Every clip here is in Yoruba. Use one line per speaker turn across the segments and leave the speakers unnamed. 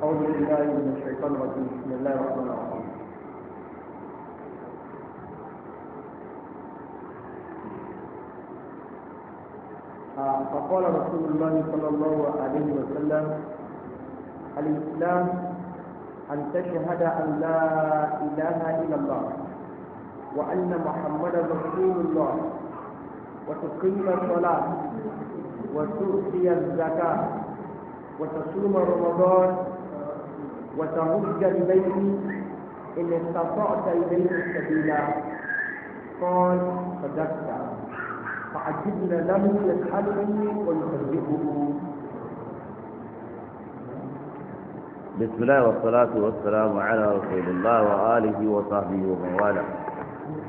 أعوذ بالله من الشيطان الرجيم بسم الله الرحمن الرحيم آه، فقال رسول الله صلى الله عليه وسلم الإسلام أن تشهد أن لا إله إلا الله وأن محمدا رسول الله وتقيم الصلاة وتؤتي الزكاة وتصوم رمضان وترد إليه إن استطعت إليه السبيلا قال صدقت فعجبنا له يسألني ويصدقه بسم الله والصلاة والسلام على رسول الله وآله وصحبه ومن والاه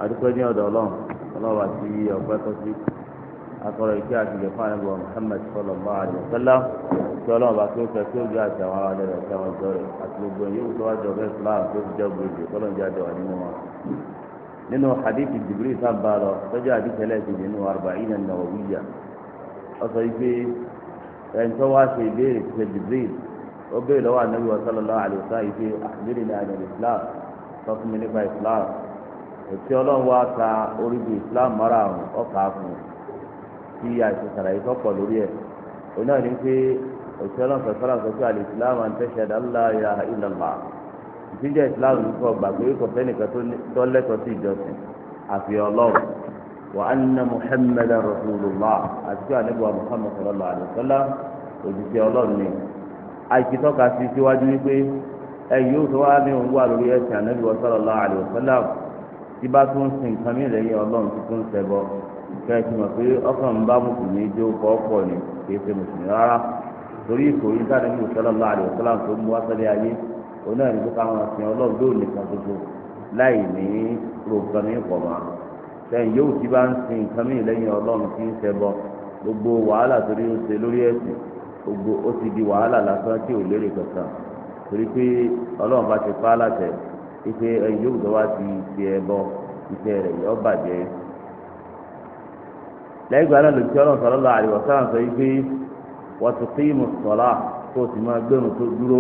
أدخلني أدعو الله الله أتي أبقى akọrọ ìkí àti ìjẹfún àná bọ Muhammad sallallahu alaihi wasallam tí Ọlọ́run bá tó fẹ́ tí ó gbé àti àwọn ará rẹ̀ tí àwọn jọ rẹ̀ àti gbogbo yìí ó tó wá jọ fẹ́ tó fi jẹ gbòòjò kọlọn jẹ àjọ nínú wọn. nínú hadith Jibril sábà lọ tọjú àdìsẹ lẹsìn nínú arba'ina nawawiyya ó sọ yìí pé ẹni tó wá ṣe ìbéèrè ti ṣe Jibril ó béèrè lọ́wọ́ anabi wa sallallahu alaihi wasallam yìí pé àbírí tí àìsàn sàlàyé sọ́pọ̀ lórí ẹ̀ òun náà ní pé òṣìṣẹ́ ọlọ́sọ̀ sọ́lá sọ pé al-Islam an tashhada allā ilāha illallāh ìtújẹ́ islam ní kò gbà pé kò sẹ́nìkan tó lẹ́tọ̀ọ́ sí ìjọsìn àfi ọlọ́run wa anna muhammadan rasulullah àti pé àníbọ̀ muhammad sallallahu alayhi wa sallam ọlọ́run ni àìsítọ́ka sí síwájú wípé ẹ̀yìn yóò tó wá ní òun wà lórí ẹ̀sìn àníbọ̀ sallallahu alayhi wa sallam tí bá sin nǹkan mìíràn ọlọ́run tuntun sẹ́bọ̀ kẹ́ẹ̀tì mọ̀ pé ọkàn ń bá mùsùlùmí jó kọ́ ni kì í ṣe mùsùlùmí rárá torí ìkòrí tá a nínú sọlọ́lá àlè ọ̀sọ́lá tó mú wáṣọ́lé ayé òun náà ní kó káwọn ọ̀sìn ọlọ́run lóò nìkan ṣoṣo láì ní bá ń sin nǹkan mìíràn lẹ́yìn ọlọ́run gbogbo wàhálà torí ó ṣe lórí ẹ̀sìn gbogbo ó ti di wàhálà lásán tí ò lérè kankan torí lẹ́yìn ìgbà náà lòtí ọlọ́run sọ̀rọ̀ lọ àríwọ̀ sáà sọ yìí pé wọ́n ti fi mú sọ̀lá kó o sì máa gbẹ̀rún tó dúró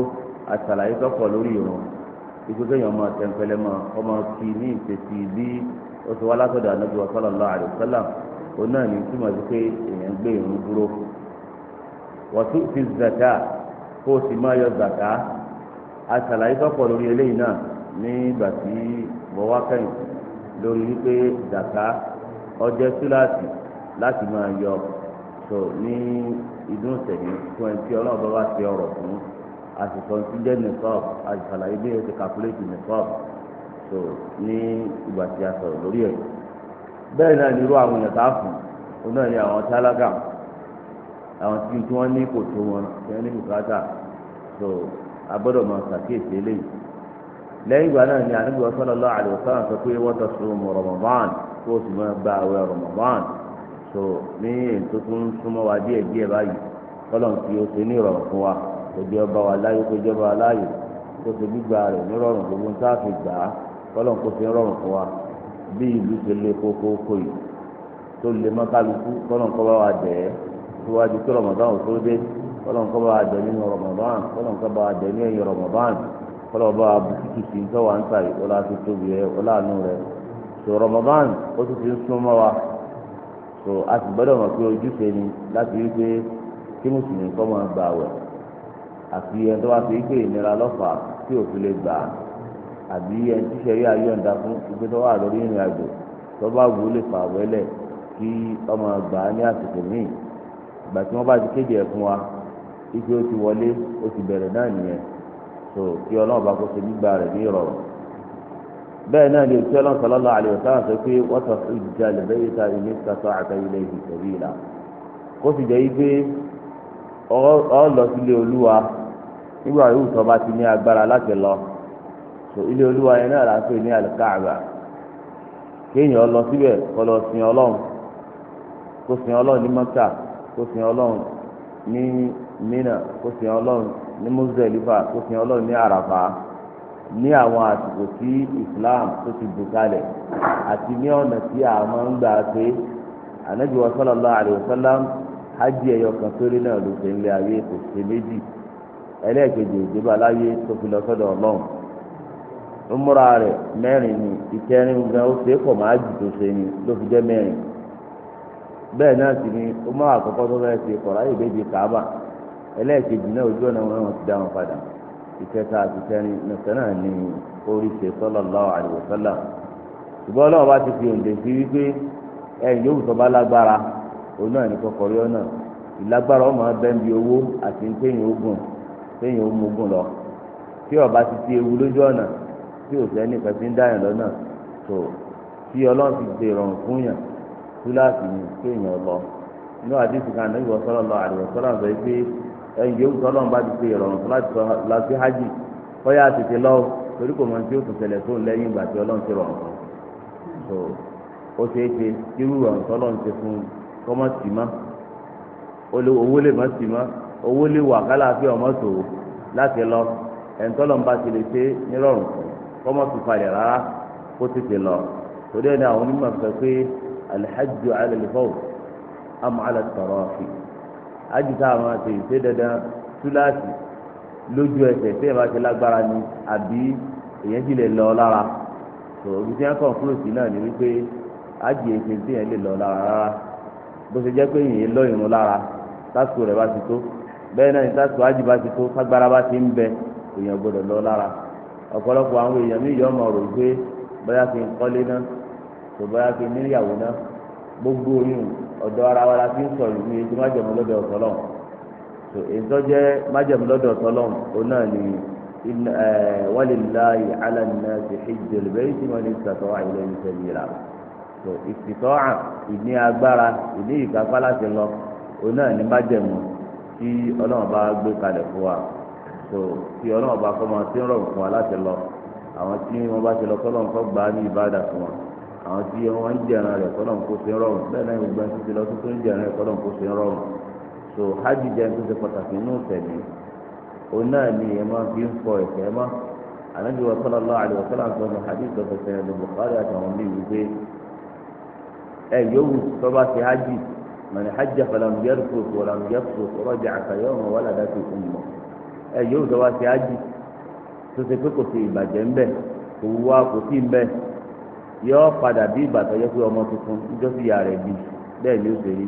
àtàlàyé tọ́pọ̀ lórí ìrun ikú kéèyàn máa tẹ̀m̀pẹ̀lẹ̀ mọ́ ọmọ kì í ní ìtẹ̀sí bí ó ti wá látọ̀dọ̀ ànábi wa sọ̀rọ̀ lọ àríwọ̀ sọ̀lá òun náà ní túmọ̀ sí pé èèyàn gbé ìrun dúró wọ́n tún fi zàkà kó o sì máa yọ zàkà àtàlàyé tọ́pọ̀ lórí eléyìí náà ní tí mo wá kẹ́yìn lórí wípé zàkà ọjọ́ túláàsì láti máa yọ tó ní ìdún sẹ̀mí fún ẹni tí ọlọ́ọ̀bá bá ti ọ̀rọ̀ fún àṣìṣọ́ tí jẹ́ nìkọ́ọ̀bù àṣìṣàlàyé bí ẹ ti nìkọ́ọ̀bù tó ní ìgbà tí a sọ̀rọ̀ lórí ẹ̀ bẹ́ẹ̀ náà nírú àwọn èèyàn tá a fún un náà ni àwọn àwọn tí wọ́n ní kò tó wọn tí wọ́n ní bùkátà tó a gbọ́dọ̀ máa ṣàkíyèsí eléyìí lẹ́yìn ìgbà náà so ní ètò tó ń súnmọ́ wa díẹ̀ díẹ̀ báyìí kọ́lọ̀n tí o ṣe ní ìrọ̀rùn fún wa òjò ọba wa láyé kó jọba wa láyé kó ṣe gbígba rẹ̀ nírọ̀rùn gbogbo ń sáà fi gbà á kọ́lọ̀n kó ṣe rọ̀rùn fún wa bí ìlú ṣe lé kókókó yìí tó lè mọ́ kálukú kọ́lọ̀n kọ́ bá wa dẹ̀ ẹ́ síwájú kí Ramadan tó dé kọ́lọ̀n kọ́ bá wa dẹ̀ nínú Ramadan kọ́lọ̀n kọ́ bá wa dẹ̀ ní ẹ̀yìn Ramadan kọ́lọ̀n bá wa bu títí sí ń tọ́ wa ọlá tó tóbi rẹ̀ ọlá àánú rẹ̀ sọ Ramadan ó ti ń súnmọ́ wa so a sì gbọ́dọ̀ mọ̀ pé ojúṣe ni láti rí pé kí mùsùlùmí kọ́ máa gbà wẹ̀ àfi ẹni tó bá fi pé ìnira lọ́fàá tí òfin lè gbà àbí ẹni tí sẹ́rí ayọ̀ǹda fún ibi tó wà lórí ìrìn àjò tó bá wù ú lè fà wẹ́lẹ̀ kí ọmọ gbà á ní àsìkò míì ìgbà tí wọ́n bá ti kéde ẹ̀ fún wa ó so kí ọlọ́run bá kó bẹ́ẹ̀ náà ni òtí ọlọ́run sallallahu alaihi wasallam sọ pé wọ́n sọ fún ìjà lẹ́bẹ̀ẹ́ ta ilé kàtó àtàyè lẹ́yìn sabila kó sì jẹ́ pé ọ lọ sílé olúwa nígbà yóò sọ bá ti láti lọ so ilé olúwa yẹn náà láti ní àlùkáàbà kéèyàn lọ síbẹ̀ lọ sin ọlọ́run kó sin ọlọ́run ní mọ́tà kó sin ọlọ́run ní mínà kó sin ọlọ́run ní ní àwọn àsìkò Islam tó ti bù kalẹ̀ àti ní ọ̀nà tí a máa ń gbà pé ànábì wa sallallahu alaihi hajj ẹ̀yọ kan péré náà ló ṣe ń lé ayé kò ṣe méjì ẹlẹ́ẹ̀kejì òjòba láyé tó fi lọ sọ́dọ̀ ọlọ́run múra rẹ̀ mẹ́rin ni ìkẹrin gan ó ṣe é pọ̀ máa jù tó ṣe ni ló fi jẹ́ mẹ́rin bẹ́ẹ̀ náà sì ni ó máa àkọ́kọ́ tó fẹ́ ṣe ìkẹta àti kẹrin nìkan náà ní oríṣi sallallahu alaihi wasallam ṣùgbọ́n ọlọ́run bá ti fi òǹdè sí wípé ẹ̀yìn yóò sọ bá lágbára òun náà ní kọkọrí ọ̀nà ìlágbára ọmọ abẹ́ǹbi owó àti téèyàn ogun téèyàn ó mogun lọ tí ọba ti ti ewu lójú ọ̀nà tí ò sẹ́ni kan ti ń dáyàn lọ́nà tó tí ọlọ́run ti gbé ìrọ̀rùn fún yàn túláàsì ní kéèyàn lọ inú àdìsí kan níbi ọ̀sọ́rọ̀ ẹ̀yìn yòówù tó ọlọ́run bá ti ṣe ìrọ̀rùn láti lọ sí hajj kọ́yà tètè lọ torí kò mọ tí ó tún ṣẹlẹ̀ tó lẹ́yìn ìgbà tí ọlọ́run ti rọ̀rùn fún so ó ṣeé ṣe irú ìrọ̀rùn tó ọlọ́run ti fún kọ́mọ́ sí mọ́ owó lè mọ́ sí mọ́ owó lè wà kálàáfíà ọmọ sòwò láti lọ ẹ̀ńtọ́lọ́run bá ti lè ṣe nírọ̀rùn fún kọ́mọ́ falẹ̀ rárá kó tètè lọ torí ẹni àwọn onímọ̀ fẹ́ pé alhajju ala al-fawt am ala at-tarafi àjùtá àwọn àti ìṣe dandan túláàsì lójú ẹsẹ tí ẹ̀ bá ti lágbára ni àbí èyàn ti lè lọ lára tó ibi tí kàn sí náà ni wípé àjì èsì tí èyàn lè lọ lára rárá bó ṣe jẹ́ pé èyàn lọ ìrún rẹ̀ bá ti bẹ́ẹ̀ náà bá ti tó bá ti gbọ́dọ̀ lọ lára ọ̀pọ̀lọpọ̀ àwọn èèyàn mi ọ̀dọ̀ ara wa la fi ń sọ ìlú ètò májẹ̀mú lọ́dọ̀ ọ̀tọ́lọ́n tó ètò jẹ́ májẹ̀mú lọ́dọ̀ ọ̀tọ́lọ́n òun náà ni eh, walillahi ala nnasi hijjul bayti man istata'a ilayhi sabila tó istita'a ìní agbára ìní ìkápá láti lọ òun náà ni májẹ̀mú tí ọlọ́run bá gbé kalẹ̀ fún wa tó tí ọlọ́run bá kọ́ máa ti ń rọrùn fún wa láti lọ àwọn tí wọ́n bá ti lọ kọ́ lọ́run kọ́ gbà á ní ìbádà fún wa àwọn tí wọ́n ń jẹran rẹ̀ kọ́nà kó fi rọrùn bẹ́ẹ̀ náà gbogbo ẹni lọ tó ń jẹran rẹ̀ kọ́nà kó fi rọrùn so hajj jẹ́ ní tó ṣe pàtàkì inú tẹ̀mí òun náà ni ẹ máa fi ń fọ ẹ̀kẹ́ mọ́ ànábi wa sallallahu alaihi wa sallam sọ ní hadith tó fẹsẹ̀ ní Bukhari àtàwọn míì wípé ẹ yòówù tó bá ti hajj mọ̀nì hajj falam yarfus walam yafsus raja'a ka yawma waladatu ummuh ẹ yòówù tó bá ti hajj tó ṣe pé kò sí ìbàjẹ́ ńbẹ yọ padà bí ìgbà tó pé ọmọ tuntun níjọ́ sí ìyá rẹ̀ bí bẹ́ẹ̀ ni ó ṣe rí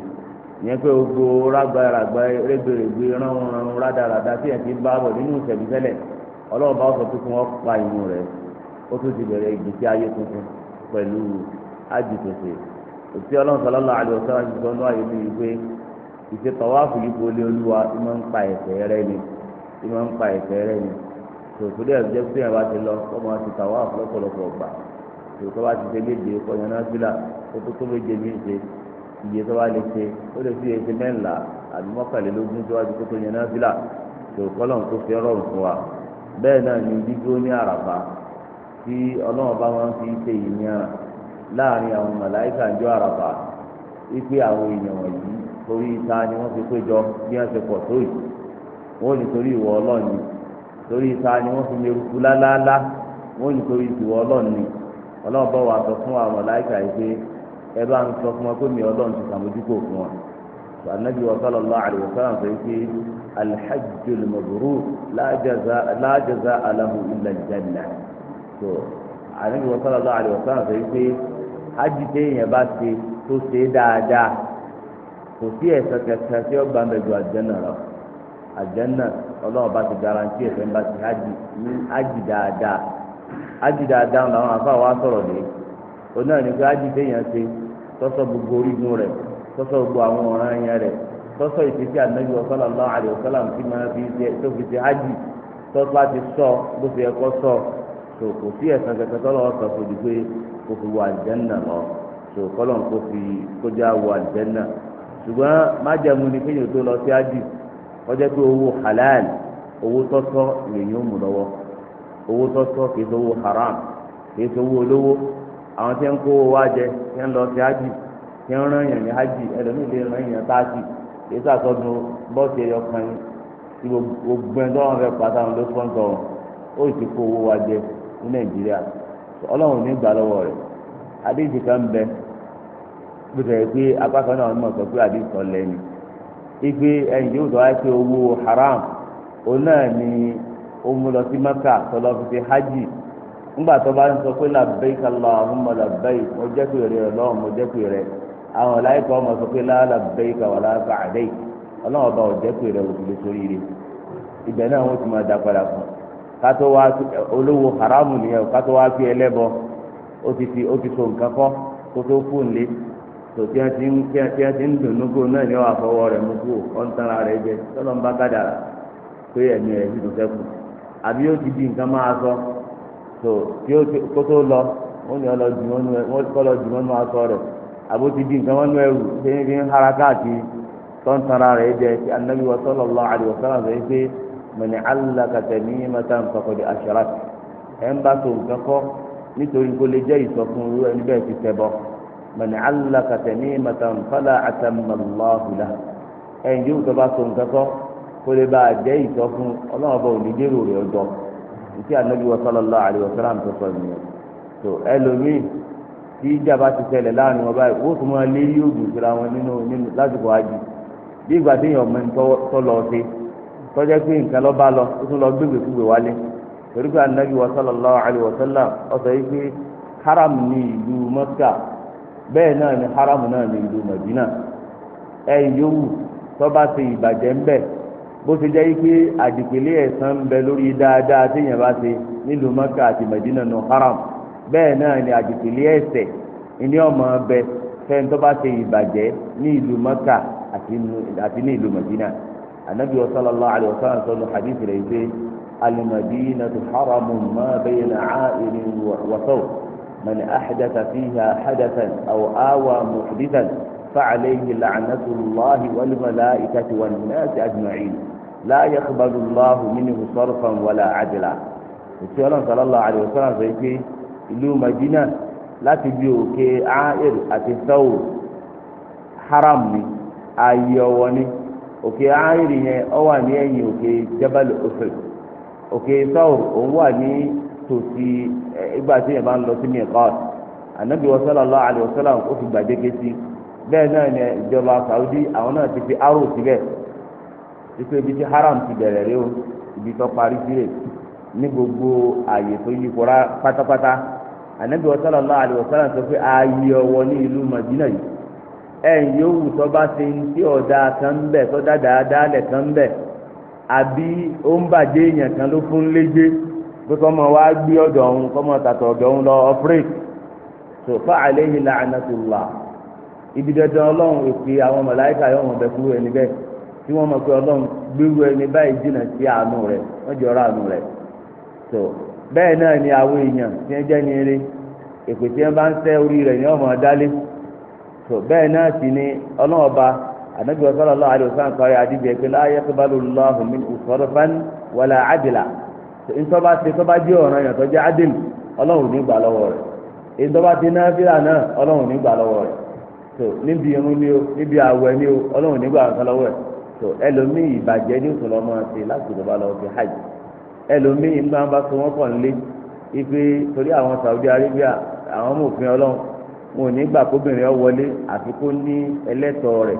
ìyẹn pé gbogbo rágbáragbá rẹ́gbẹ̀rẹ̀gbẹ̀ ránranran rádaràda tí ẹ̀ ti ń bá bọ nínú ìṣẹ̀mí tẹ́lẹ̀ ọlọ́run bá sọ tuntun wọn pa ìmú ó tún ti ìgbésí tuntun pẹ̀lú ti sọ ní pé olúwa tí máa ń èyí tó bá ti ṣe méje kọyọ náà fílà ó tó tó méje mí ṣe iye tó bá lè ṣe ó lè fi mẹ́ńlá àbí mọ́kànlélógún tó bá ti kó yẹn náà fílà èyí kọ́lọ̀ tó fi rọrùn fún wa bẹ́ẹ̀ náà ni dídúró ní àràbà tí ọlọ́run bá wọn fi ṣe yi. láàrin àwọn màláìkà ìjọ àràbà wípé àwọn èèyàn wọ̀nyí torí ìta ni wọ́n fi péjọ bí wọ́n pọ̀ tó yìí wọ́n ní ọlọ́run bọ́ wa sọ fún wa mọ̀láìkà yìí pé ẹ bá ń sọ fún wa pé mi ọlọ́run ti sàmójúkò fún wa anabi wa sallallahu alayhi wa sallam sọ pé alhajjul mabrur la jaza la jaza alahu illa aljanna so anabi wa sallallahu alayhi wa sallam sọ pé hajj téèyàn bá ṣe tó ṣe dáadáa kò sí ẹ̀sẹ̀ kẹsẹ̀ tí ó gbàmbẹ̀ ju àjẹ́nà lọ àjẹ́nà ọlọ́run bá ti garanti ẹ̀fẹ̀ ń bá ti hajj dáadáa. ájì dáadáa làwọn àfa wa sọ̀rọ̀ dé òun náà ní ájì téèyàn ṣe tọ́sọ̀ gbogbo orígun rẹ̀ tọ́sọ̀ gbogbo àwọn ọ̀ràn yẹn rẹ̀ tọ́sọ̀ ìfisí ànábi sallallahu alaihi wasallam tí máa fi ṣe tó fi ṣe ájì tọ́sọ̀ àti sọ bó ṣe ẹ̀kọ́ sọ tó kò sí ẹ̀sán kẹkẹ tọ́lọ́ sọ fún pé kò fi lọ tó kọ́lọ̀ kò fi kójá ṣùgbọ́n ni kéèyàn tó lọ sí ájì kọjá pé owó halal owó owó tọ́tọ́ kìí sọ haram kìí olowo owó olówó àwọn tí ń kó owó wá jẹ tí ń lọ sí ájì tí ń rán èèyàn ní ájì ẹlòmíì lè rán èèyàn táàsì kìí sàtọ́dún bọ́ọ̀sì ẹ̀yọ kan yín tí gbogbo ẹni tó wọn fẹ́ pàtà wọn ló ó sì kó owó jẹ ní nàìjíríà ọlọ́run ní gbà lọ́wọ́ rẹ̀ kan bẹ pé ipe ẹ̀yìn yóò haram o mú maka lọ fi hajj ńgbà tó n sọ pé labbaik Allahumma labbaik mo jẹ́ pé rẹ̀ ọlọ́run mo jẹ́ la labbaik wala sa'daik ọlọ́run ọba ò jẹ́ pé rẹ̀ òkèlè sórí rẹ̀ ibẹ̀ náà wọ́n ti máa dá padà fún kátó wá olówó haramu nìyẹn kátó wá fi ẹlẹ́bọ ó ti fi ó ti so nǹkan kọ́ kó tó fún lé tò tí a ti ń tí a àbí yóò ti di nǹkan máa sọ tó tí ó kó tó lọ wọn ni ọlọ jù mọnú ẹ wọn kọ lọ jù mọnú aṣọ rẹ àbó ti di nǹkan mọnú ẹrù ṣé ní fi ń hara káàkiri tọ́ntara rẹ jẹ ti anabi wa sallallahu alaihi wasallam sọ pé mọ̀nì alákatẹ ní mẹ́ta nǹkan kọ́ di aṣọ́ra ń bá tó nǹkan kọ́ nítorí kó lè jẹ́ ìsọfún irú ẹni bẹ́ẹ̀ ti tẹ̀bọ̀ mọ̀nì alákatẹ ní mẹ́ta nǹkan fọlá àtàmọ̀lá ẹ̀ ń yóò tó bá tó nǹkan kọ́ kó lè bá a jẹ́ ìtọ́ fún ọlọ́run ọba òní dérò rẹ̀ ọjọ́ ìtí ànábi wa sallallahu alaihi tó sọ nìyẹn tó ẹlòmíì tí ìjà ti ṣẹlẹ̀ láàrin wọn báyìí ó tún máa lé yóò dùn síra wọn nínú nínú lásìkò àjì bí ìgbà tí èèyàn mẹ́ni tọ́ lọ sí tọ́jẹ́ pé nǹkan lọ́ bá lọ ó tún lọ gbégbé fúgbé wálé torí pé haram bá ìbàjẹ́ bó ṣe jẹ́ yí pé àdìpèlé ẹ̀san ń bẹ lórí dáadáa téèyàn bá ṣe nílùú maka àti medina nù haram bẹ́ẹ̀ náà ni àdìpèlé ẹ̀ṣẹ̀ ìní ọmọ bẹ fẹ́ni tó bá ṣe ìbàjẹ́ ní ìlú maka àti ní ìlú medina anabi wa sallallahu alayhi wa sallam sọlọ hadith rẹ̀ ṣe alimadina tu haramu ma bayna a'irin wasaw man axdata fiha xadatan aw awa muxditan facalehi lacnatu llahi walmalaa'ikati wannaasi ajmaciin. láàyè kubalu lọ́hùn mí ni sọ́rọ̀fàn wọlé àdìlà òtí ọlọ́run sọlọ́lọ́ àdìlà sọ́rọ̀ sọ pé ìlú madina láti bí òkè ahir àti sawu haram ni ayé ni òkè ahir yẹn ọ ní ẹ̀yìn òkè jabal ofir òkè sawu òun wà ní tòsí ìgbà tí yẹn bá ń lọ sí miqat anabi wa sallallahu wa ó fi gbàdéke sí bẹ́ẹ̀ náà ni ìjọba àwọn náà ti fi ipe ibi tí haram ti bẹ̀rẹ̀ o ibi tó parí ní gbogbo ààyè tó yí kóra pátápátá ànábì sallallahu alaihi wasallam sọ pé ààyè ní ìlú Madina yìí bá ṣe ń tí kan ń kan bẹ abi àbí ó ń bàjẹ́ èèyàn kan ló fún léje pé kọ́ wá gbé ọ̀dọ̀ ọ̀hún kọ́ tàtọ̀ ọ̀dọ̀ ọ̀hún lọ ibi dandan ọlọ́run àwọn tí wọ́n mọ̀ pé ọlọ́run gbéwú ẹni báyìí jìnnà sí àánú rẹ̀ wọ́n jọ ráàánú rẹ̀ tó bẹ́ẹ̀ náà ni àwọn èèyàn tí wọ́n jẹ́ ní eré èpè tí wọ́n bá ń sẹ́ orí rẹ̀ ni wọ́n dálé tó bẹ́ẹ̀ náà sì ni ọlọ́run ọba anabi sallallahu alaihi wasallam kọ́rẹ́ adíbi ẹ̀pẹ́ láàyè tó bá lòlù wàlà àdìlà ntọ́ba ti tọ́ba ọ̀ràn yẹn tọ́jú àdìl ọlọ́run ní gbà lọ́wọ́ rẹ̀ ntọ́ba ti náà o níbi tó ẹlòmíì ìbàjẹ́ ní ìtòlọ́ máa ṣe láti ìjọba lọ fi hajj ẹlòmíì ń bá ń bá so wọ́n pọ̀ nílé ife torí àwọn Saudi Arabia àwọn mòfin ọlọ́run wọn ò ní gbà kóbìnrin ọ wọlé àfi kó ní ẹlẹ́tọ̀ọ́ rẹ̀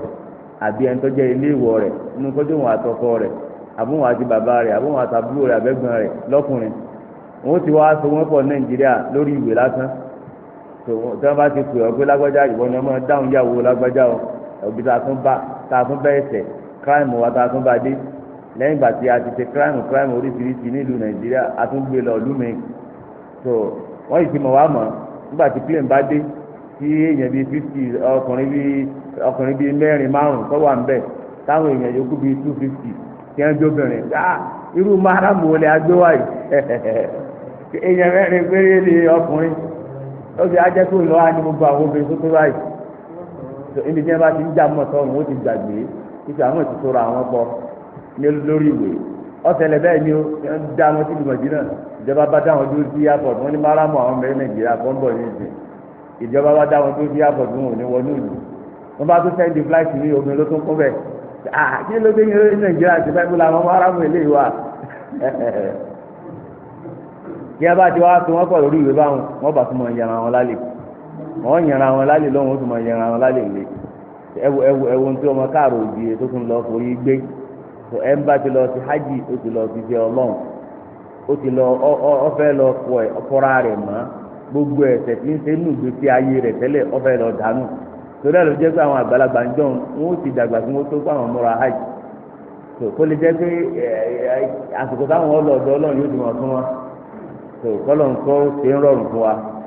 àbí ẹni tó jẹ́ ilé ìwọ rẹ̀ nínú kọjú wọn àtọkọ rẹ̀ àbúwọn àti bàbá rẹ̀ àbúwọn àtàbúrò rẹ̀ àbẹ́gbọ̀n rẹ̀ lọ́kùnrin wọn ti wá so wọn pọ̀ Nàìjíríà lórí ìwé lásán tó tí wọn bá ti pè ọ pé lágbájá ìwọ ni wọn máa dáhùn yàwó lágbájá ọ òbí tá a bá tá a tún bá kíráìmù wa tá a tún bá dé lẹ́yìn ìgbà tí a ti ṣe kíráìmù kíráìmù oríṣiríṣi nílùú nàìjíríà a tún gbé lọ lùmí so wọ́n yìí ti mọ̀ wá mọ̀ nígbà tí plane bá dé tí èèyàn bíi fifty ọkùnrin bíi ọkùnrin bíi mẹ́rin márùn-ún tó wà ń bẹ̀ táwọn èèyàn yòókù bíi two fifty tí wọ́n jó bìnrin ah irú márùn-ún wo lè a gbé wáyé èèyàn mẹ́rin péré lè ọkùnrin ó fi ajẹ́ tó lọ́wọ́ á ní gbogbo àwọn obìnrin tó tó báyìí ibi tí wọ́n bá ti ń jà mọ̀ sọ́run ó ti gbàgbé títí àwọn ètò tó ra àwọn bọ ní lórí ìwé ọ̀sẹ̀lẹ̀ bẹ́ẹ̀ ni ó ń dá wọn sí ìgbìmọ̀ jìnnà ìjọba bá dá wọn dúró sí airport wọn ní máràmù àwọn mẹ́rin nàìjíríà kan ń bọ̀ ní ìsìn ìjọba bá dá wọn dúró sí airport wọn ò ní wọnú ìlú wọn bá tún sẹ́ndì flight ní obìnrin ló tún kún bẹ́ẹ̀ kí ló dé ní nàìjíríà ti fẹ́ẹ́ múlá àwọn máràmù eléyìí wà kí a bá ti wá tó wọn pọ̀ lórí ìwé báwọn wọn bá tún mọ̀ yẹra wọn lálẹ́ wọn yẹra wọn lálẹ́ lọ́wọ́ tún mọ̀ yẹra wọn lálẹ́ ìlẹ́yìí Ewu ewu ewu tí ọmọ káàró òjìye tó tún lọ forí gbé tó ẹ ń bá ti lọ sí hajj ó ti lọ fi ṣe ọlọ́run ó ti lọ lọ gbogbo ẹsẹ tí ń ṣe nù gbèsè ayé rẹ̀ lọ dànù torí pé àwọn àgbàlagbà ń ó ti dàgbà hajj tó kó lè pé àsìkò táwọn yóò ti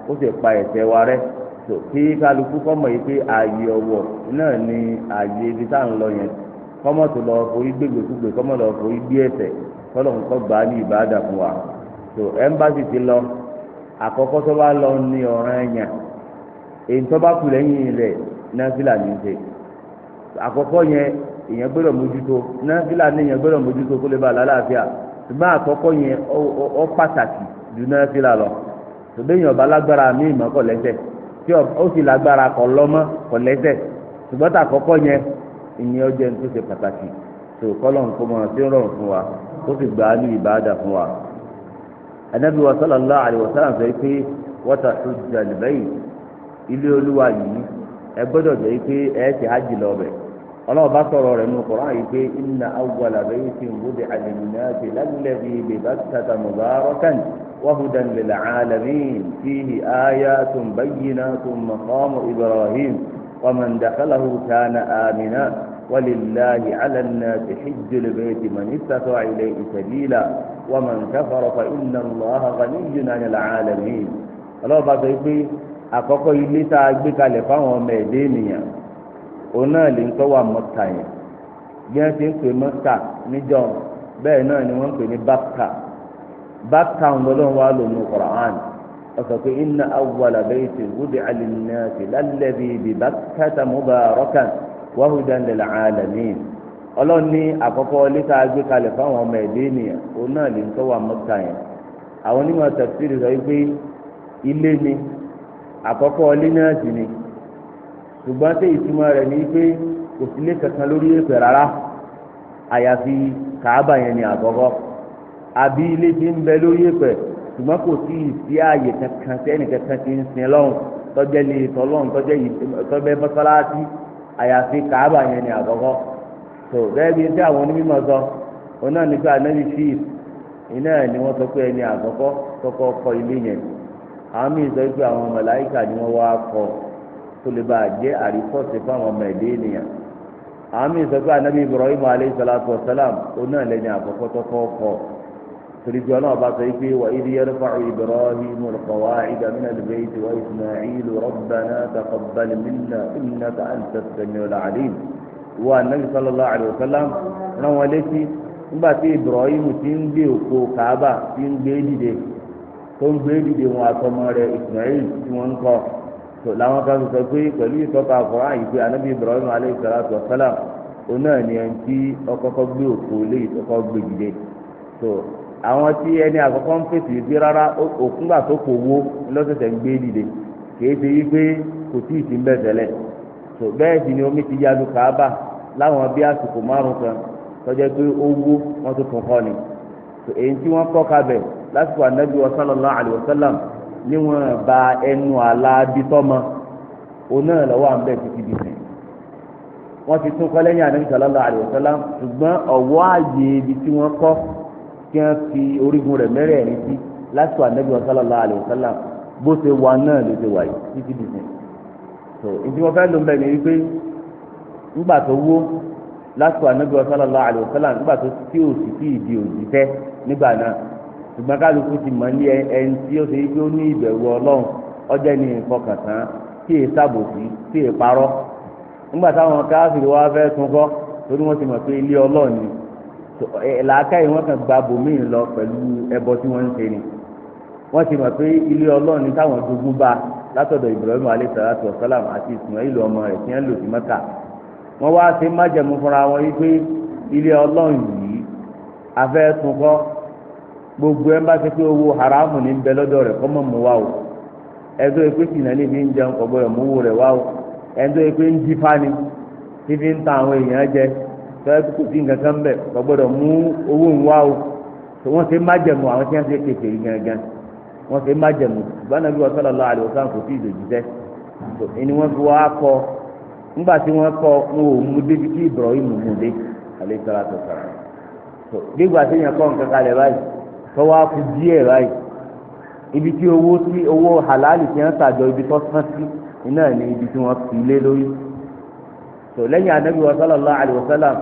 fún tó so kí kálukú kọ́mọ̀ yìí pé ààyè ọ̀wọ̀ náà ni ààyè ibi tá à ń lọ yẹn kọ́mọ̀ tó lọ forí gbégbèkúgbè kọ́mọ̀ lọ forí gbé ẹ̀ṣẹ̀ kọ́lọ́hún kọ́ gbà á ní ìbáàdà fún wa tó ẹ́mbásì ti lọ àkọ́kọ́ tó bá lọ ní ọ̀ràn ẹ̀yà èyí tó bá kù lẹ́yìn rẹ̀ náfìlà ní í ṣe àkọ́kọ́ yẹn èèyàn gbọ́dọ̀ mójútó náfìlà ní èèyàn gbọ́dọ̀ mójútó kó lè ba àlàáfíà ṣùgbọ́n àkọ́kọ́ yẹn ó pàtàkì ju náfìlà lọ ṣùgbọ́n èèyàn ọba lágbára míì mọ́kànlẹ́sẹ̀ tí ó sì lágbára kọ lọ́mọ kọ lẹ́sẹ̀ ṣùgbọ́n tà kọ́kọ́ yẹn ìyẹn ó jẹ́ tó ṣe pàtàkì tó kọ́lọ́n kó mọ̀ tí ó rọrùn fún wa tó sì gbà á ní ìbáàdà fún wa. Ànábì wa sallallahu alaihi wa pé wọ́tà tó jà ilé olúwa yìí ẹ gbọ́dọ̀ jẹ́ pé ẹ ti lọ bẹ̀. ọlọ́run bá وهدى للعالمين فيه آيات بينات مقام إبراهيم ومن دخله كان آمنا ولله على الناس حج البيت من استطاع إليه سبيلا ومن كفر فإن الله غني عن العالمين الله bàtà yìí pé àkọ́kọ́ ilé tá a gbé kalẹ̀ fáwọn ọmọ ẹ̀dẹ́ ènìyàn òun náà lè bákan lọ́lọ́run wá lò ní Qur'an ọ̀sọ̀ pé inna awwala bayti wudi'a lin-nasi lalladhi bi Bakkata mubarakan wa hudan lil-alamin ọlọ́run ní àkọ́kọ́ lẹ́tà gbé kalẹ̀ fáwọn ọmọ ẹ̀dẹ́ ènìyàn òun náà lè ń tọ́wọ́ Mẹ́kà yẹn àwọn onímọ̀ tafsiri sọ pé ilé ni àkọ́kọ́ ilé náà sì ni ṣùgbọ́n tí ìtumọ̀ rẹ̀ ni pé kò sí ilé kankan lórí èpè rárá àyàfi Kàábà yẹn ni àkọ́kọ́ àbí ilé tí ń bẹ lórí èpẹ̀ ṣùgbọ́n kò sí ìsí ààyè kankan sí ẹnìkankan tí ń sin lọ́hùn tọ́jẹ́ lè tọ́ lọ́hùn tọ́jẹ́ mọ́sálásí àyàfi kàábà ni àkọ́kọ́ tó bẹ́ẹ̀ bí tí àwọn onímọ̀ sọ òun náà nígbà anábì fíìs iná ẹ̀ ni wọ́n sọ pé ẹni àkọ́kọ́ kọ́kọ́ kọ́ ilé yẹn àwọn míì sọ pé àwọn ni wọ́n wá tó lè bá jẹ́ àríkọ́sí ọmọ ẹ̀dẹ́ ènìyàn àwọn míì sọ pé alayhi òun náà lẹ́ni àkọ́kọ́
torí bí ọlọ́run bá sọ yìí pé wà ìdí yẹn fà ibrahim olùkọ́wá ìdàmínà lùbẹ́yìí wà
ismail rọ́bànà tàkọ̀bàlì mílíọ̀nà ìnà tà ń tẹ̀sẹ̀mí ọ̀làdín wà nàbí sọlọ́lá àdìọ́sálàm rán wọn létí nígbà tí ibrahim ti ń gbé òkú kaaba ti ń gbé dìde tó ń gbé dìde wọn àtọmọ rẹ ismail tí wọn ń kọ tó làwọn kan sọ pé pẹ̀lú ìtọ́ka àkùrán yìí pé anabi ibrahim alayhi salatu wa salam òun náà ni ẹni tí ọkọ̀ọ̀kọ̀ gbé òkú lé ìtọ́kọ̀ gbé dìde tó àwọn tí ẹni àkọ́kọ́ ń fèsì gbé rárá òkúngbà tó kò wó lọ́sẹ̀sẹ̀ ń gbé dìde kìí ṣe wípé kò tí ì sí ń bẹ̀ tẹ́lẹ̀ tó bẹ́ẹ̀ sì ni omi ti yanu kàába láwọn bí àsìkò márùn kan tọ́jẹ́ pé ó wó wọ́n tó tún kọ́ ni tó èyí tí wọ́n kọ́ kabẹ̀ lásìkò anabi wa sallallahu alayhi wa sallam níwọ̀n ba ẹnu aláàbítọ́mọ oná lọ́wọ́ à ń bẹ̀ títí di sìn wọ́n ti tún kọ́ lẹ́yìn anabi sallallahu alayhi wa sallam ṣùgbọ́n ọ̀wọ́ àyè ibi tí wọ́n kọ́ kí wọ́n fi orígun rẹ̀ mẹ́rẹ̀ẹ̀rin sí lásìkò ànábì wọn sallallahu alaihi wasallam bó ṣe wà náà ló ṣe wà yìí títí dìsìn tó ìdí wọn fẹ́ ló ń bẹ ní wípé ńgbà tó wó lásìkò ànábì wọn sallallahu alaihi wasallam ńgbà tó tí ò sì tí ìdí òdì tẹ́ nígbà náà ṣùgbọ́n kálukú ti mọ̀ ní ẹni tí ó ṣe wípé ó ní ìbẹ̀rù ọlọ́run ọjọ́ ní ìfọkàntán tí èè sábòsí tí èè parọ́ ńgbà táwọn káfíìrì wa fẹ́ tún kọ́ torí wọ́n ti mọ̀ pé ilé ọlọ́run ni làákà yìí wọ́n kàn gba bòmíì lọ pẹ̀lú ẹbọ tí wọ́n ń ṣe ni wọ́n ti mọ̀ pé ilé ọlọ́run ní Ibrahim àti Ismail ọmọ rẹ̀ tí wọ́n lò sí Mẹ́kà wọ́n wá ṣe májẹ̀mú fúnra wọn yìí pé ilé ọlọ́run yìí afẹ́ tún kọ́ gbogbo ẹ̀ ń haramu ní bẹ lọ́dọ̀ rẹ̀ o ẹ̀dọ́ pé ní fi ń jẹun gbọ́dọ̀ mú owó o ẹ̀dọ́ pé ń jí fani ń tọ́yẹ́ kò sí nǹkan kan bẹ̀ kò gbọ́dọ̀ mú owó ń wá o tó wọ́n ṣe májẹ̀mú àwọn tí wọ́n ṣe kéṣe rí gangan wọ́n ṣe májẹ̀mú ìbáná bí wọ́n sọ̀rọ̀ lọ àlè ọ̀sán kò sí ìdòjúṣẹ́ ni wọ́n fi wá kọ nígbà tí wọ́n kọ wọn ò mú débi tí Ibrahim mú dé alẹ́ sọ̀rọ̀ tó sọ̀rọ̀ tó gbígbà tí yẹn kọ́ nǹkan kalẹ̀ báyìí tó wá kú díẹ̀ báyìí ibi tí owó tí owó halali ti ń sàjọ ibi tó sán sí iná ní ibi tí tó lẹ́yìn anabi wa sallallahu alayhi wa sallam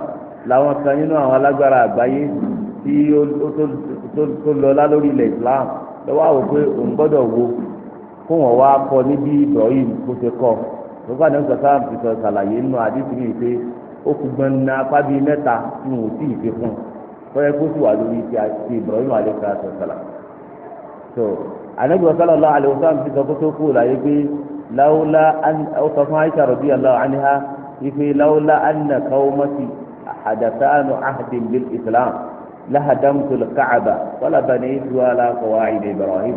làwọn kan nínú àwọn alágbára àgbáyé tí ó lọlá lórí ilẹ̀ islam lọ́wọ́ àwọn pé òun gbọ́dọ̀ wo kó wọ́n wá kọ́ níbi ibrahim kó ṣe kọ́ lọ́wọ́ àdéhùn sọ̀tà ìsọ̀ sàlàyé nínú àdìsí mi ó kú gbọ́nà apá bíi mẹ́ta tí wọn ò tí ì fi fún un fọyẹ kó sì wà lórí ti ibrahim alayhi sallam so anabi sallallahu alayhi wa sallam ti sọ kó tó kú láyé pé láwùlá ó sọ fún aisha radiyallahu anha ife lawla anna kawmati hadatanu ahdin bil islam lahadamtu alkaaba wala banaytu ala qawaid ibrahim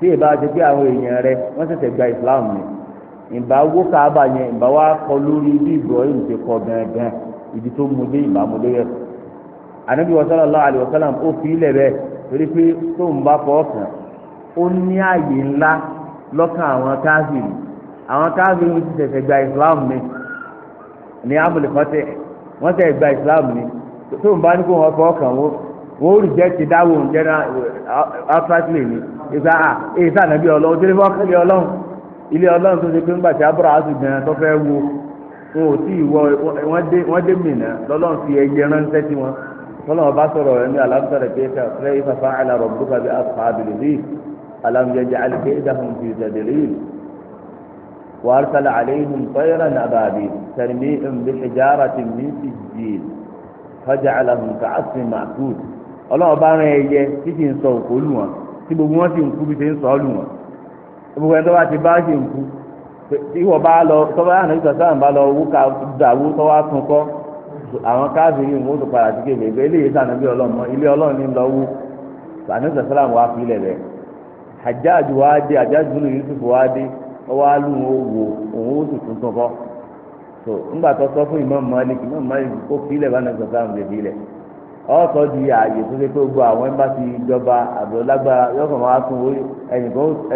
tí ì bá ti pé àwọn èèyàn rẹ̀ wọ́n ṣẹ̀ṣẹ̀ gba islam ni ìbá wó kaaba yẹn ìbá wa kọ́ lórí bí ibrahim ti kọ́ gangan ibi tó mu dé ìbá mu dé yẹ anabi sallallahu alaihi wasallam ó fi ilẹ̀ bẹ́ẹ̀ torí pé tó ń bá fọ́ kàn ó ní ààyè ńlá lọ́kàn àwọn káfíìn àwọn káfíìn ti ṣẹ̀ṣẹ̀ gba islam ni ni amúlẹ̀ fọ́tẹ̀ wọ́n sẹ́ gba islam ni tó ń bá ní kó wọn fọ́ kàn wọ́n wọ́n reject dáwò ń jẹ́ra outrightly ni ìgbà à èyí sànàbí ọlọ́run tó lè fọ́ kílẹ̀ ọlọ́run ilé ọlọ́run tó ṣe pé ńgbà tí abúlé àti gan tó fẹ́ wo wọn ò tí ì wọ wọ́n dé mìíràn lọ́lọ́run fi ẹyẹ ránṣẹ́ sí wọn tọ́lọ́wọ́ bá sọ̀rọ̀ rẹ̀ ní alámúsọ̀rọ̀ pé fẹ́ ìfàfà àlàrọ̀ bùkà bí asfáàbìlì rí alámúyẹjẹ alìkéyìdá fún fi ìdàdìrí وأرسل عليهم طيرا أبابيل ترميهم بحجارة من سجيل فجعلهم كعصف معكوس ọlọ́run bá rán ẹyẹ tí kì í sọ òkú lù wọn tí gbogbo wọn sì ń kú bí ṣe ń sọ ọ́ lù wọn gbogbo ẹni tó bá ti bá ṣe ń kú tí wọ́n bá lọ tọ́ba àná ìgbà sáà ń bá lọ owó ká dàwó tó wá tún kọ́ àwọn káàfin yìí wọ́n tó padà sí kébè gbé ilé ìsànà bí ọlọ́mọ ilé ọlọ́run ní lọ́wọ́ àná ìgbà sáà wà fi ilẹ̀ rẹ̀ àjáàjù wá dé àjáàjù nínú Yusuf wá dé ọwọ́ alóhùn ó wò òun ó sì tún tún kọ́ tó ńgbà tó sọ fún Imam Malik Imam Malik ó fi ilẹ̀ bánà sọ̀tà àwọn ìdèbí ilẹ̀ ọ̀tọ̀ di ààyè tó ṣe pé gbogbo àwọn ẹ̀mbá ti jọba àbẹ̀ lágbára yọkàn máa tún owó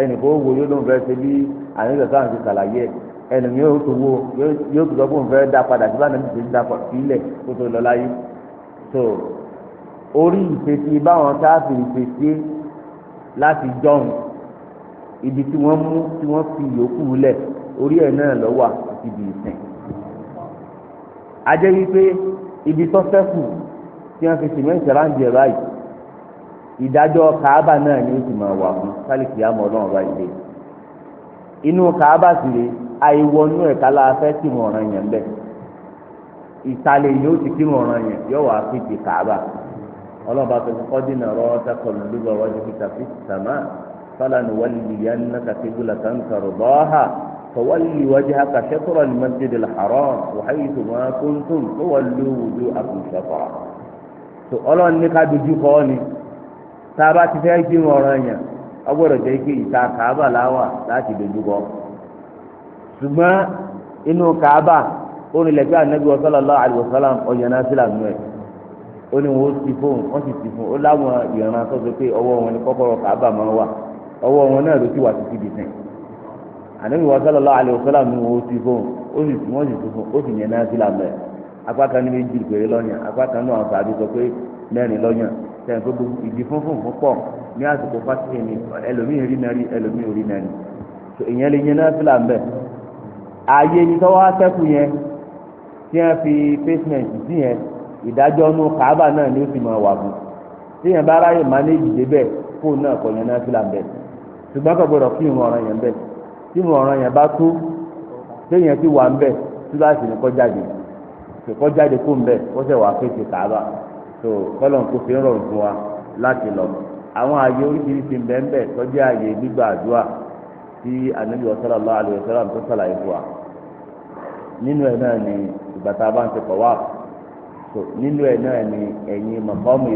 ẹnìkan ó wo yóò lóun fẹ́ ṣe bí àní sọ̀tà àwọn ti kàlàyé ẹnìyàn yóò tó wo yóò tó sọ fún òun fẹ́ dá padà sí bánà ti dá sílẹ̀ kó tó lọ láyé tó orí ìfèsì báwọn káàfin ìfèsì láti jọ̀hún ibi tí wọ́n mú tí wọ́n fi yòókù lẹ̀ orí ẹ̀ náà lọ́wọ́ àti ibi ìsìn. ajẹ́ wípé ibi sọ́sẹ́kù tí wọ́n fi sìmẹ́ǹtì ráńdì ẹ̀ báyìí ìdájọ́ kàábà náà ni ó sì máa wà fún sálìkì àmọ́ ọlọ́run báyìí dé. inú kàábà sì rè àìwọnú ẹ̀ka la fẹ́ tì mọ̀ ọ̀ràn yẹn bẹ́ẹ̀ ìtàlẹ̀ yóò ti kí mọ̀ ọ̀ràn yẹn yóò wà fìdí kàábà ọlọ́run bá tó kọ́ dínà فلنولينك قبلة ترضاها فولي وجهك شطر المسجد الحرام وحيث ما كنتم فولوا وجوهكم شطرا ọlọ́run ní ká dojú kọ ọ́ ni tá a bá ti fẹ́ jí wọn ọ̀ràn yẹn a gbọ́dọ̀ jẹ́ kí ìta kàábà láwà láti dojú kọ. ṣùgbọ́n inú kàábà ó nílẹ̀ pé ànábi sallallahu alaihi wasallam náà sílà nù ẹ̀ ó ní wọn ó ti fóun wọ́n sì ti fóun ó láwọn ìran tó ṣe pé ọwọ́ wọn ni kọ́kọ́rọ́ kàábà máa wà ọwọ́ wọn náà ló ti wà títí dìtẹ̀ ànábì wa sallallahu alaihi wasallam ni wọ́n ti fún ó sì wọ́n sì tún fún ó sì yẹn náà sí làmẹ́ apá kan níbi jù péré lọ́yàn apá kan náà sàbí sọ pé mẹ́rin lọ́yàn sẹ́yìn pé ìdí funfun fún pọ̀ ní àsìkò fásitì ni ẹlòmíì rí náà rí ẹlòmíì rí náà rí ìyẹn lè yẹn náà sí làmẹ́ ààyè ni tọ́wọ́ sẹ́kù yẹn tí wọ́n fi pavement sí yẹn ìdájọ́ inú kàábà náà ni ó sì máa wà fún tí yẹn bá ráyè fóònù náà kọ̀ yẹn náà sí làmẹ́ ṣùgbọ́n kò gbọdọ̀ kí ìrun ọ̀ràn yẹn bẹ̀ tí ìrun ọ̀ràn yẹn bá tó téèyàn ti wà ń bẹ̀ túláàsì ní kọ́ jáde kọ́ jáde kó ń bẹ̀ kó sẹ̀ wàá fèsì kàába tó kọ́lọ̀ kó fi ń rọrùn fún wa láti lọ. àwọn ààyè oríṣiríṣi ń bẹ́ẹ̀ bẹ́ẹ̀ tọ́jú ààyè gbígbà àdúrà tí ànábì sallallahu alaihi wasallam tó sàlàyé fún wa.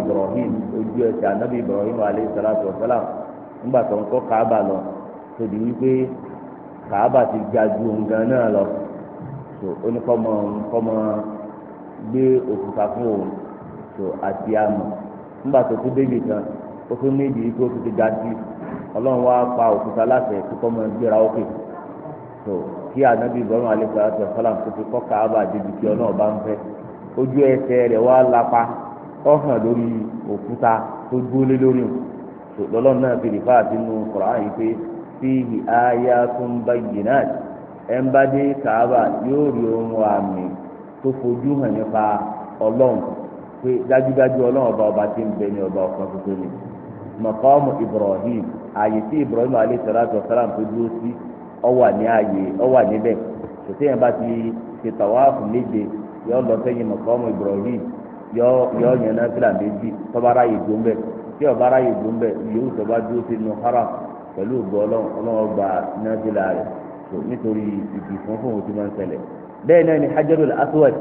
Ibrahim ojú ẹsẹ̀ ànábì Ibrahim alayhi salatu wa nígbà tó ń kọ́ káàbà lọ tó di wípé káàbà ti ga ju nǹkan náà lọ tó ó ní kọ́ mọ kọ́ mọ gbé òkúta fún òun tó àti àmọ̀ nígbà tó tún débi kan ó tún ní ìdí tó ti ga sí ọlọ́run wá pa òkúta láti ẹ̀kú kọ́ mọ gbéra ókè tó kí ànábì ìbọ̀rún àlejò àti ọ̀sálàm tó ti kọ́ káàbà débi tí ọ náà bá ń fẹ́ ojú ẹsẹ̀ rẹ̀ wá lápá ọ̀hàn lórí òkúta tó gbólé lórí òkúta. lọ́lọ́run náà fi rìfà sínú Qur'an yìí pé fíhì ayatun bayyinat ẹ̀ ń bá dé Kaaba yóò rí ohun àmì tó fojú hàn nípa ọlọ́run pé dájúdájú ọlọ́run ọba ọba tí ń bẹ ní ọba tuntun ni maqamu Ibrahim ààyè tí Ibrahim tó dúró sí ọwà ní ààyè ọwà níbẹ̀ kò tí ọba ara yìí dùn bẹ yòówù tó bá dúró sí inú haram pẹ̀lú ògbọ́ ọlọ́run ọlọ́run gba nábìlà rẹ̀ tó nítorí ìdì fún fún òtún máa ń ṣẹlẹ̀ bẹ́ẹ̀ náà ni hajarul aswad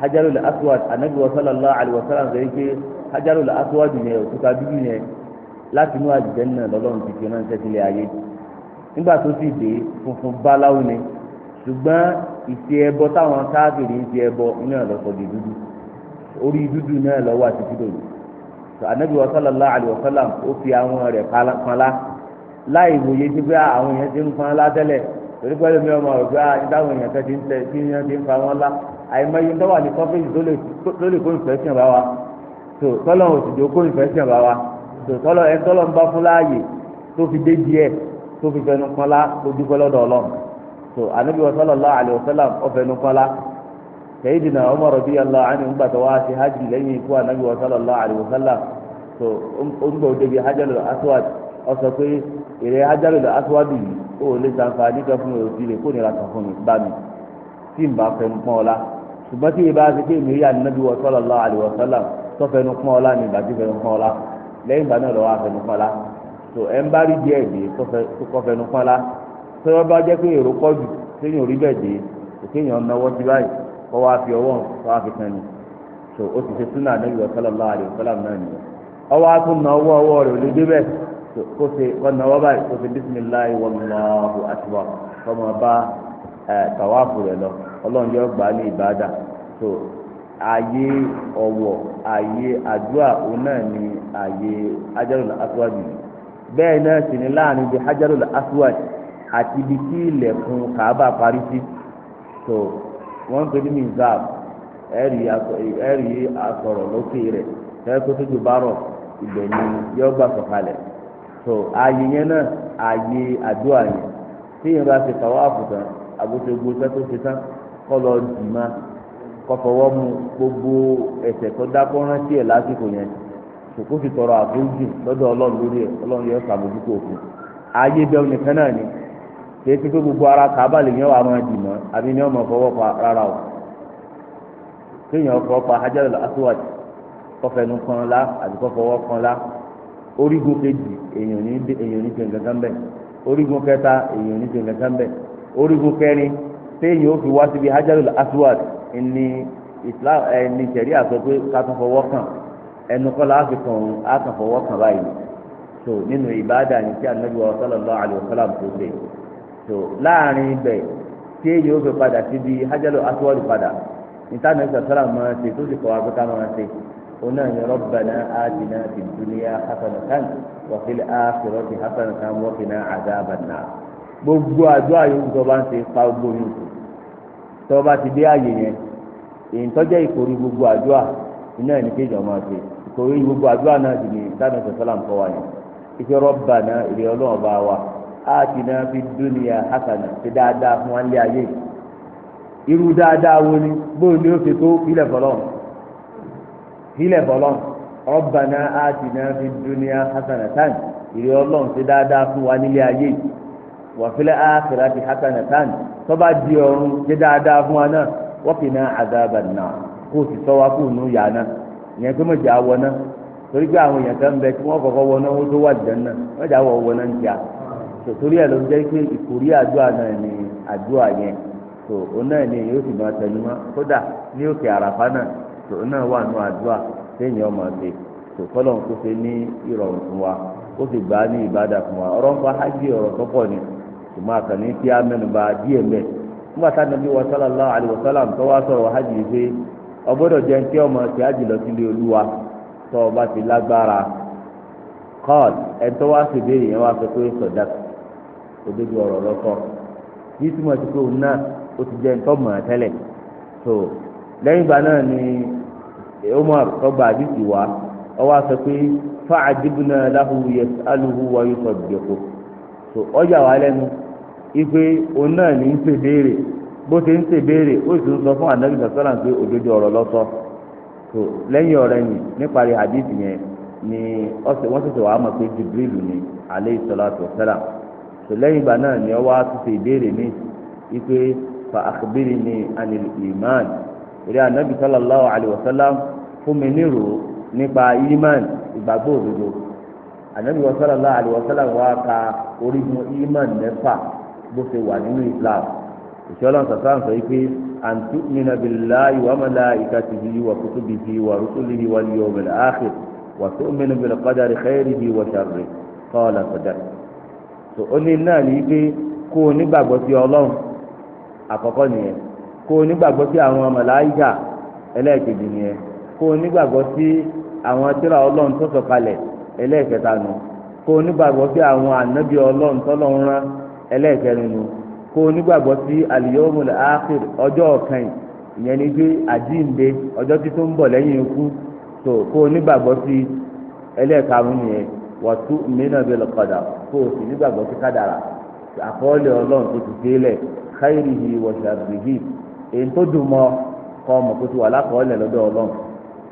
hajarul aswad anabi wa sallallahu alayhi wa sallam sọ wípé hajarul aswad yẹn òkúta dúdú yẹn láti inú àjẹjẹn náà lọ́lọ́run ti fi ránṣẹ́ sílé ayé nígbà tó sì dé funfun báláwo ni ṣùgbọ́n ìṣe ẹbọ táwọn káàkiri ń ṣe ẹbọ náà lọ́sọ̀dì dúdú orí dúdú náà lọ́wọ́ àti dídòdò anabi wa sallallahu alayhi wa sallam ó fi àwọn rẹ̀ panlá láì wòye tí pé àwọn èèyàn ti ń panlá tẹ́lẹ̀ torí pẹ́lú mi ọmọ rẹ̀ pé ah ìdáhùn èèyàn kan ti ń tẹ kí èèyàn ti ń fa wọn lá àìmọye ń dọ́wà ní kọ́fíìsì tó lè kó ìfẹ́sìn bá wa tó tọ́lọ̀ òsìjọ́ kó ìfẹ́sìn bá wa tó tọ́lọ̀ ẹ tọ́lọ̀ ń bá fún láàyè tó fi dé díẹ̀ tó fi fẹnu kan tó dúpẹ́ lọ́dọ̀ ọlọ́run tó anabi wa sallallahu alayhi wa sallam ó fẹnu ka umar radiyallahu anhu nígbà tó wá sí hajj lẹ́yìn ikú anabi wa sallallahu alayhi wa sallam so ó ń gbọ́ débi hajarul aswad ó sọ pé èrè hajarul aswad o ó lè sanfàní kan fún mi ò fi lè kó nira kan fún mi bá mi tí n bá fẹnu pọ́n ọlá ṣùgbọ́n wa sallallahu kọ́ fi ọwọ́ kọ́ fi ni so o ti na ọwọ́ ọwọ́ rẹ̀ lè débẹ̀ kó na ọwọ́ báyìí kó ṣe bisimilahi wallahu akbar kọ́ máa bá tàwáàfù rẹ̀ lọ ọlọ́run yóò gbà á ní ibada. so wọ́n ń pè ní mizab ẹ̀rí asọ̀rọ̀ lókè rẹ̀ tẹ́kọ̀ tó ju bárọ̀ ibẹ̀ yọ gbà sọ̀kalẹ̀ ààyè yẹn náà ààyè àdúrà yẹn tí yẹn bá gbogbo kìí ti pé gbogbo ara kaba lè yàn wà máa dì mọ́ àbí ni wọ́n máa fọwọ́ pa rárá o kéèyàn fọwọ́ pa hajar aswad kọfẹnu kan la àbí kọfọwọ́ kan la orígun kejì èèyàn ní èèyàn ní tẹ̀ǹkan kan bẹ̀ orígun kẹta èèyàn ní tẹ̀ǹkan kan bẹ̀ orígun kẹrin téèyàn ó fi wá síbi hajar aswad ní islam ẹni sẹ̀rí àsọ pé ká fọwọ́ kàn ẹnu kọ́ la á fi kàn á kàn fọwọ́ kàn báyìí so nínú ibada ni tí anabi wa sallallahu alayhi wa sallam tó ṣe tó láàrin ibẹ̀ tí èyí ó fi padà síbi hajjalo aswọ́ọ̀lù padà nítaàmì sọ̀tọ́lá máa ṣe tó sì kọ́ wa pé ká máa ṣe ona ni rọ́bànà àdìnà ti dúníyà hasanatan wàfíìlì àfìrọ́tì hasanatan wọ́kìnà àdábànà gbogbo àdúrà yòówù tó bá ń ṣe pa gbogbo yòówù tó bá ti dé àyè yẹn èyí tọ́jẹ́ ìkórí gbogbo àdúrà iná ní kéjọ máa ṣe ìkórí gbogbo àdúrà náà sì ní sábẹ́ sọ̀tọ́lá ń kọ́ wa yẹn ìfẹ́ rọ́bànà ìrẹ́ ọlọ́run wa. atina fi dunya hasana fún wọn lé ayé irú wo ni bóyá ni fi tó ilẹ̀ fọlọ́n fi hasana tán ìrì ọlọ́run ti dáadáa fún wa nílé ayé wa fil akhirati hasana tán tọ́ba di ọ̀run ti dáadáa fún wa náà wa qina o sì sọ wa kó o nù yà náà tó mọ̀ jẹ́ àwọ̀ náà torí pé àwọn èèyàn kan bẹ tí wọ́n kọ́kọ́ wọ náà wọ́n tó wà jẹ́ náà wọ́n jà torí ẹ̀ ló ń jẹ́ pé ìkórí àdúrà náà ni àdúrà yẹn tó òun náà ni yóò sì máa tẹnu mọ́ kódà ní òkè àràfá náà tó òun wà nù àdúrà téèyàn máa ṣe tó kọ́lọ̀ ń kó ṣe ní ìrọ̀rùn fún wa ó sì gbà á ní ìbádà fún wa ọ̀rọ̀ ń fa hajj ọ̀rọ̀ tó pọ̀ ni ṣùgbọ́n àkànní kí á mẹ́nuba díẹ̀ mẹ́ nígbà tá nàbí wa sallallahu alaihi wa sallam tó wá sọ̀rọ̀ hajj yìí pé ọgbọ́dọ̀ jẹ́ kí ọmọ ti hajj lọ sílé olúwa tó o bá ti lágbára kọ́ọ̀lù ẹ̀ tó wá sì béèrè yẹn wá sọ pé sọ̀dá òdodo ọ̀rọ̀ lọsọ yìí túmọ̀ sí pé òun náà ó ti jẹ́ nǹkan mọ̀ tẹ́lẹ̀ tó lẹ́yìn ìgbà náà ni Umar tọgbà àdìsí wa ọwọ́ sọ pé fa'ajibna lahu yas'aluhu tó ọjà wa lẹ́nu ipe òun náà ní ń bó ti ń ó sì ń sọ fún anabi pé òdodo ọ̀rọ̀ tó lẹ́yìn ọ̀rẹ́ yìí níparí àdìsí yẹn ni wọ́n wàá mọ̀ pé ni tòlẹ́yìn ìgbà náà ni ọ wá tún ṣe ìbéèrè mi wípé fa àkàbírí ni anil iman eré anabi sallallahu alayhi wa sallam fún mi nírò nípa iman ìgbàgbọ́ òdodo anabi sallallahu alayhi wa sallam wá ka orígun iman mẹ́fà bó ṣe wà nínú islam ìṣọ́lọ́n sàtàn sọ wípé an tu'mina billahi wa malaikatihi wa kutubihi wa rusulihi wal yawmil akhir wa tu'minu bil qadari khairihi wa sharrihi qala sadaqta. tò ó lé náà ní pé kó o nígbàgbọ́ sí ọlọ́run àkọ́kọ́ nìyẹn kó o nígbàgbọ́ sí àwọn màláíkà ẹlẹ́ẹ̀kejì nìyẹn kó o nígbàgbọ́ sí àwọn tírà ọlọ́run tó sọ̀kalẹ̀ ẹlẹ́ẹ̀kẹta nù kó o nígbàgbọ́ sí àwọn ànábì ọlọ́run rán ẹlẹ́ẹ̀kẹrin nù kó o nígbàgbọ́ sí ọjọ́ ọ̀kan ìyẹn ni pé àjíǹde wàtú mìíràn bẹ́ẹ̀ lọ kọ́dà kó o sì nígbàgbọ́ sí kádàrà àkọọ́lẹ̀ ọlọ́run tó ti délẹ̀ káyìrìhì wọ̀ṣàbìhì èyí tó dùn mọ́ kọ́ ọmọ kó ti wà lákọọ́lẹ̀ lọ́dọ̀ ọlọ́run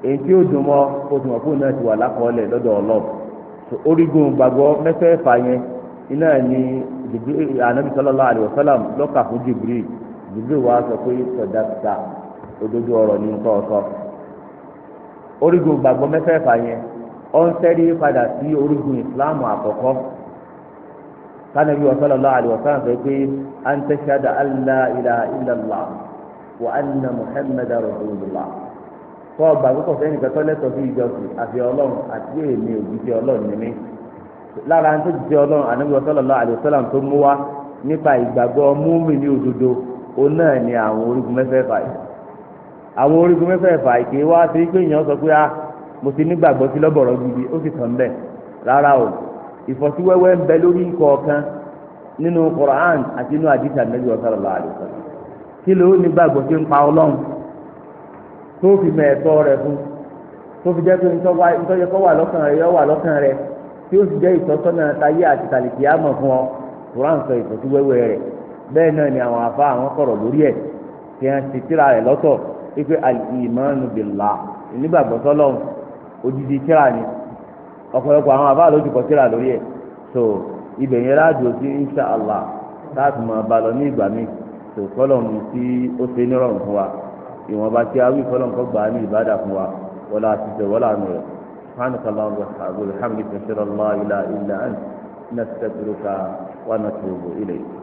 èyí tí ó dùn mọ́ kó ti mọ̀ fóun náà ti wà lákọọ́lẹ̀ lọ́dọ̀ ọlọ́run orígun gbàgbọ́ mẹ́fẹ̀ẹ̀fà yẹn iná ni anabi lọ́kà sọ ọ̀nsẹ́rí padà sí orígun ìsìláàmù àkọ́kọ́ kánàbí sallallahu alaihi wasallam fẹ́ pé an tashhada alla ilaha illallah wa anna muhammadar rasulullah kọ́ ọgbà púpọ̀ sẹ́yìn kẹtọ́ lẹ́tọ̀ sí ìjọsìn àfi ọlọ́run àti èmi òjijì ọlọ́run ní lára ń tó ọlọ́run ànábì sallallahu alaihi wasallam tó mú wá nípa ìgbàgbọ́ múmi ní òdodo òun ni àwọn orígun mo ti sí lọ́bọ̀rọ̀ gidi ó sì tàn bẹ́ẹ̀ rárá o ìfọ̀síwẹ́wẹ́ ń bẹ lórí kọ̀ọ̀kan nínú Qur'an àti inú àdìsí Ànábì sallallahu alaihi wasallam kí ló ní gbàgbọ́ sí ń pa ọlọ́run fi mọ ẹ̀tọ́ rẹ fún tó fi jẹ́ pé wà lọ́kàn rẹ yọ wà lọ́kàn rẹ tí ó sì jẹ́ ìtọ́sọ́nà táyé àti tàlìkì àmọ̀ fún ọ Qur'an sọ ìfọ̀síwẹ́wẹ́ rẹ bẹ́ẹ̀ náà ni àwọn àwọn kọ̀rọ̀ lórí ẹ̀ kí wọ́n ti tíra lọ́tọ̀ odidi tíra ni ọ̀pọ̀lọpọ̀ àwọn àbá lójú tíra lórí ẹ̀ so ibẹ̀ yẹn láàdùn sí insha allah láti máa ba lọ ní ìgbà mi so kọ́lọ̀mù tí ó ṣe nírọ̀rùn fún wa ìwọ̀nba tí a wí kọ́lọ̀mù kọ́ gbà á ní ìbádà fún wa wọlé àti tẹ̀ wọlé àánú rẹ̀ سبحانك اللهم وبحمدك نشهد ان لا اله الا انت نستغفرك ونتوب اليك